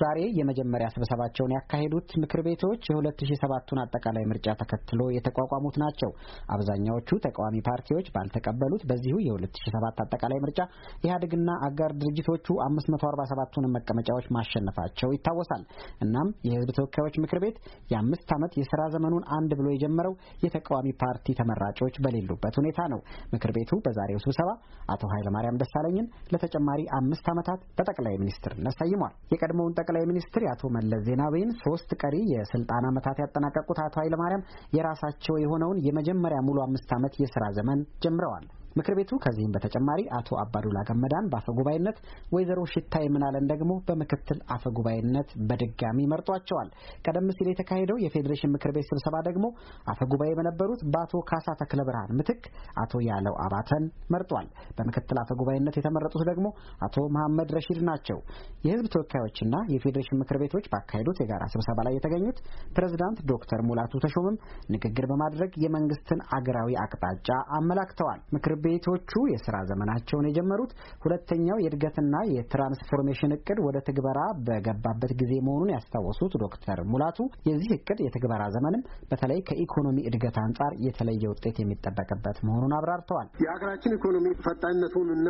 ዛሬ የመጀመሪያ ስብሰባቸውን ያካሄዱት ምክር ቤቶች የ2007ቱን አጠቃላይ ምርጫ ተከትሎ የተቋቋሙት ናቸው። አብዛኛዎቹ ተቃዋሚ ፓርቲዎች ባልተቀበሉት በዚሁ የ2007 አጠቃላይ ምርጫ ኢህአዴግና አጋር ድርጅቶቹ 547ቱን መቀመጫዎች ማሸነፋቸው ይታወሳል። እናም የህዝብ ተወካዮች ምክር ቤት የአምስት ዓመት የስራ ዘመኑን አንድ ብሎ የጀመረው የተቃዋሚ ፓርቲ ተመራጮች በሌሉበት ሁኔታ ነው። ምክር ቤቱ በዛሬው ስብሰባ አቶ ኃይለማርያም ደሳለኝን ለተጨማሪ አምስት ዓመታት በጠቅላይ ሚኒስትርነት ሰይሟል። የቀድሞውን ጠቅላይ ሚኒስትር የአቶ መለስ ዜናዊን ሶስት ቀሪ የስልጣን ዓመታት ያጠናቀቁት አቶ ኃይለማርያም የራሳቸው የሆነውን የመጀመሪያ ሙሉ አምስት ዓመት የስራ ዘመን ጀምረዋል። ምክር ቤቱ ከዚህም በተጨማሪ አቶ አባዱላ ገመዳን በአፈጉባኤነት ወይዘሮ ሽታይ ምናለን ደግሞ በምክትል አፈጉባኤነት በድጋሚ መርጧቸዋል። ቀደም ሲል የተካሄደው የፌዴሬሽን ምክር ቤት ስብሰባ ደግሞ አፈጉባኤ በነበሩት በአቶ ካሳ ተክለ ብርሃን ምትክ አቶ ያለው አባተን መርጧል። በምክትል አፈጉባኤነት የተመረጡት ደግሞ አቶ መሐመድ ረሺድ ናቸው። የህዝብ ተወካዮችና የፌዴሬሽን ምክር ቤቶች ባካሄዱት የጋራ ስብሰባ ላይ የተገኙት ፕሬዝዳንት ዶክተር ሙላቱ ተሾምም ንግግር በማድረግ የመንግስትን አገራዊ አቅጣጫ አመላክተዋል። ቤቶቹ የስራ ዘመናቸውን የጀመሩት ሁለተኛው የእድገትና የትራንስፎርሜሽን እቅድ ወደ ትግበራ በገባበት ጊዜ መሆኑን ያስታወሱት ዶክተር ሙላቱ የዚህ እቅድ የትግበራ ዘመንም በተለይ ከኢኮኖሚ እድገት አንጻር የተለየ ውጤት የሚጠበቅበት መሆኑን አብራርተዋል። የሀገራችን ኢኮኖሚ ፈጣንነቱንና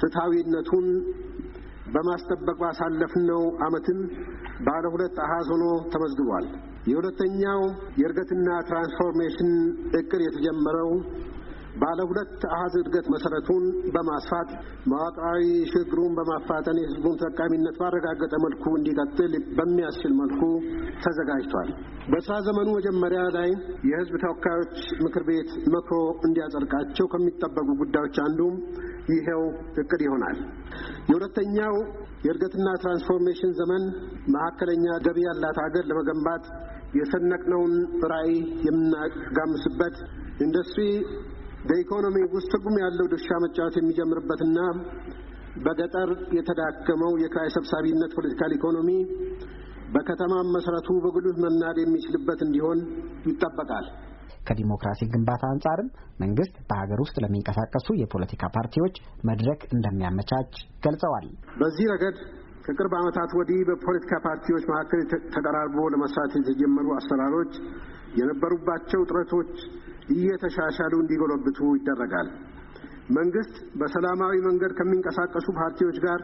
ፍትሐዊነቱን በማስጠበቅ ባሳለፍነው ዓመትም ባለ ሁለት አሃዝ ሆኖ ተመዝግቧል። የሁለተኛው የእድገትና ትራንስፎርሜሽን እቅድ የተጀመረው ባለ ሁለት አሃዝ እድገት መሰረቱን በማስፋት መዋቅራዊ ሽግሩን በማፋጠን የህዝቡን ተጠቃሚነት ባረጋገጠ መልኩ እንዲቀጥል በሚያስችል መልኩ ተዘጋጅቷል። በስራ ዘመኑ መጀመሪያ ላይ የህዝብ ተወካዮች ምክር ቤት መክሮ እንዲያጸድቃቸው ከሚጠበቁ ጉዳዮች አንዱም ይኸው እቅድ ይሆናል። የሁለተኛው የእድገትና ትራንስፎርሜሽን ዘመን መካከለኛ ገቢ ያላት ሀገር ለመገንባት የሰነቅነውን ራዕይ የምናጋምስበት ኢንዱስትሪ በኢኮኖሚ ውስጥ ትርጉም ያለው ድርሻ መጫወት የሚጀምርበትና በገጠር የተዳከመው የክራይ ሰብሳቢነት ፖለቲካል ኢኮኖሚ በከተማም መሰረቱ በጉልህ መናድ የሚችልበት እንዲሆን ይጠበቃል። ከዲሞክራሲ ግንባታ አንጻርም መንግስት በሀገር ውስጥ ለሚንቀሳቀሱ የፖለቲካ ፓርቲዎች መድረክ እንደሚያመቻች ገልጸዋል። በዚህ ረገድ ከቅርብ ዓመታት ወዲህ በፖለቲካ ፓርቲዎች መካከል ተቀራርቦ ለመስራት የተጀመሩ አሰራሮች የነበሩባቸው ጥረቶች እየተሻሻሉ እንዲጎለብቱ ይደረጋል። መንግስት በሰላማዊ መንገድ ከሚንቀሳቀሱ ፓርቲዎች ጋር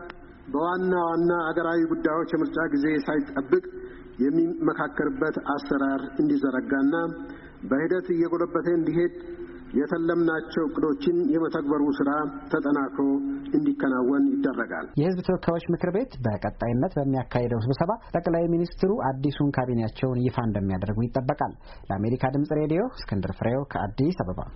በዋና ዋና አገራዊ ጉዳዮች የምርጫ ጊዜ ሳይጠብቅ የሚመካከርበት አሰራር እንዲዘረጋና በሂደት እየጎለበተ እንዲሄድ የተለምናቸው እቅዶችን የመተግበሩ ስራ ተጠናክሮ እንዲከናወን ይደረጋል። የህዝብ ተወካዮች ምክር ቤት በቀጣይነት በሚያካሄደው ስብሰባ ጠቅላይ ሚኒስትሩ አዲሱን ካቢኔያቸውን ይፋ እንደሚያደርጉ ይጠበቃል። ለአሜሪካ ድምጽ ሬዲዮ እስክንድር ፍሬው ከአዲስ አበባ